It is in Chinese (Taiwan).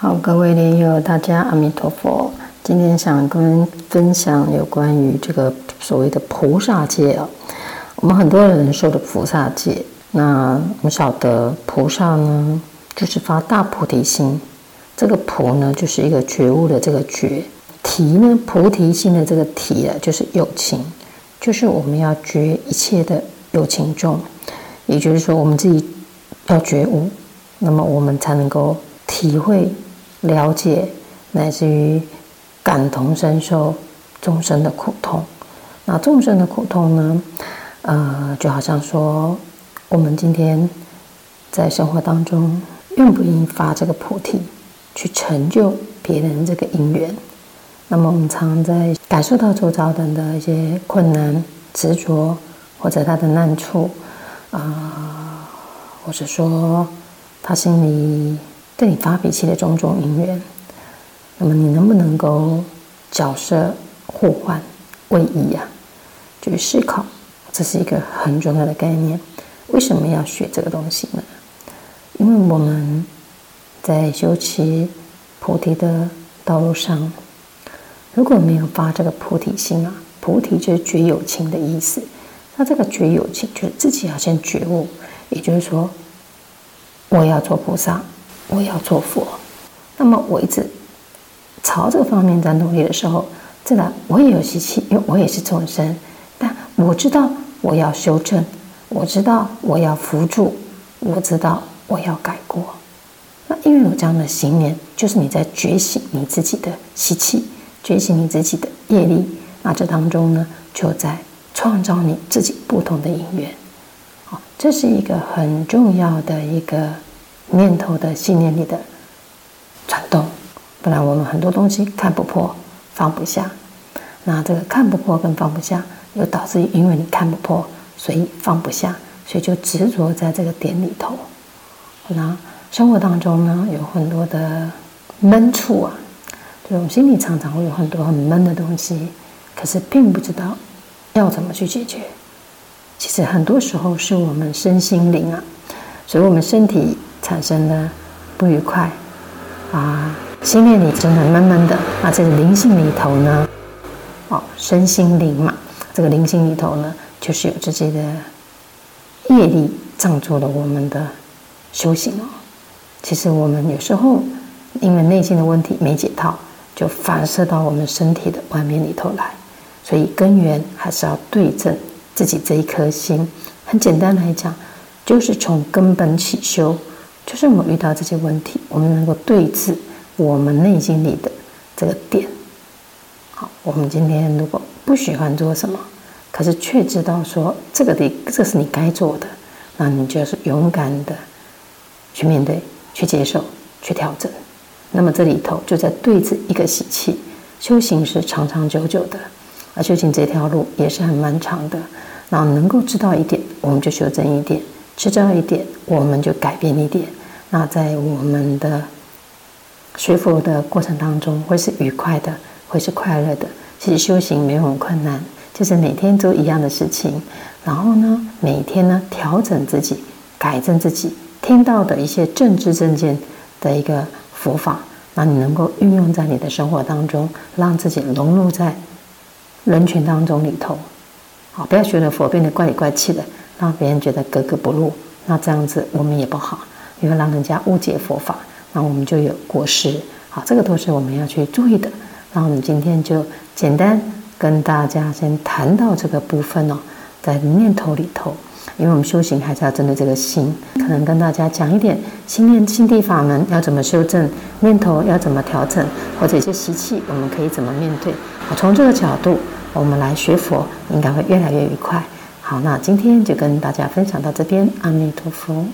好，各位蓮友，大家阿彌陀佛。今天想跟您分享有關於這個所謂的菩薩戒哦。我們很多人說的菩薩戒，那我們曉得菩薩呢，就是發大菩提心。這個菩呢，就是一個覺悟的這個覺，提呢，菩提心的這個提啊，就是有情，就是我們要覺一切的有情眾，也就是說，我們自己要覺悟，那麼我們才能夠體會。了解，乃至於感同身受眾生的苦痛。那眾生的苦痛呢？呃，就好像說，我們今天在生活當中，願不願意發這個菩提，去成就別人這個因緣？那麼我們常在感受到周遭人的一些困難、執着或者他的難處啊，呃，或者說他心裡。對你發脾氣的種種因緣，那麼你能不能夠角色互換、位移啊？就是思考，這是一個很重要的概念。為什麼要學這個東西呢？因為我們在修持菩提的道路上，如果沒有發這個菩提心啊，菩提就是覺有情的意思。那這個覺有情，就是自己要先覺悟，也就是說，我要做菩薩。我要做佛，那麼我一直朝這個方面在努力的時候，自然我也有習氣，因為我也是眾生。但我知道我要修正，我知道我要扶助，我知道我要改過。那因為有這樣的行念，就是你在覺醒你自己的習氣，覺醒你自己的業力。那這當中呢，就在創造你自己不同的因緣。好，這是一個很重要的一個。念頭的信念力的轉動，不然我們很多東西看不破，放不下。那這個看不破跟放不下，又導致因為你看不破，所以放不下，所以就執着在這個點裡頭。那生活當中呢，有很多的悶處啊，這種心裡常常會有很多很悶的東西，可是並不知道要怎麼去解決。其實很多時候是我們身心靈啊，所以我們身體。產生了不愉快啊！心念裡真的慢慢的啊，這個靈性裡頭呢，哦，身心靈嘛，這個靈性裡頭呢，就是有自己的業力，障住了我們的修行哦。其實我們有時候因為內心的問題沒解套，就反射到我們身體的外面裡頭來，所以根源還是要對症自己這一顆心。很簡單來講，就是從根本起修。就是我們遇到這些問題，我們能夠對治我們內心裡的這個點。好，我們今天如果不喜歡做什麼，可是卻知道說這個得，這是你該做的，那你就是勇敢的去面對、去接受、去調整。那麼這裡頭就在對治一個習氣。修行是長長久久的，而修行這條路也是很漫長的。然後能夠知道一點，我們就修正一點；知道一點，我們就改變一點。那在我們的學佛的過程當中，會是愉快的，會是快樂的。其實修行沒有很困難，就是每天做一樣的事情。然後呢，每天呢調整自己，改正自己，聽到的一些正知正見的一個佛法，讓你能夠運用在你的生活當中，讓自己融入在人群當中裡頭。好，不要學了佛變得怪裡怪氣的，讓別人覺得格格不入。那這樣子我們也不好。也會讓人家誤解佛法，那我們就有過失。好，這個都是我們要去注意的。那我們今天就簡單跟大家先談到這個部分哦，在念頭裡頭，因為我們修行還是要針對這個心。可能跟大家講一點心念、心地法門要怎麼修正，念頭要怎麼調整，或者一些習氣我們可以怎麼面對。好，從這個角度，我們來學佛應該會越來越愉快。好，那今天就跟大家分享到這邊，阿彌陀佛。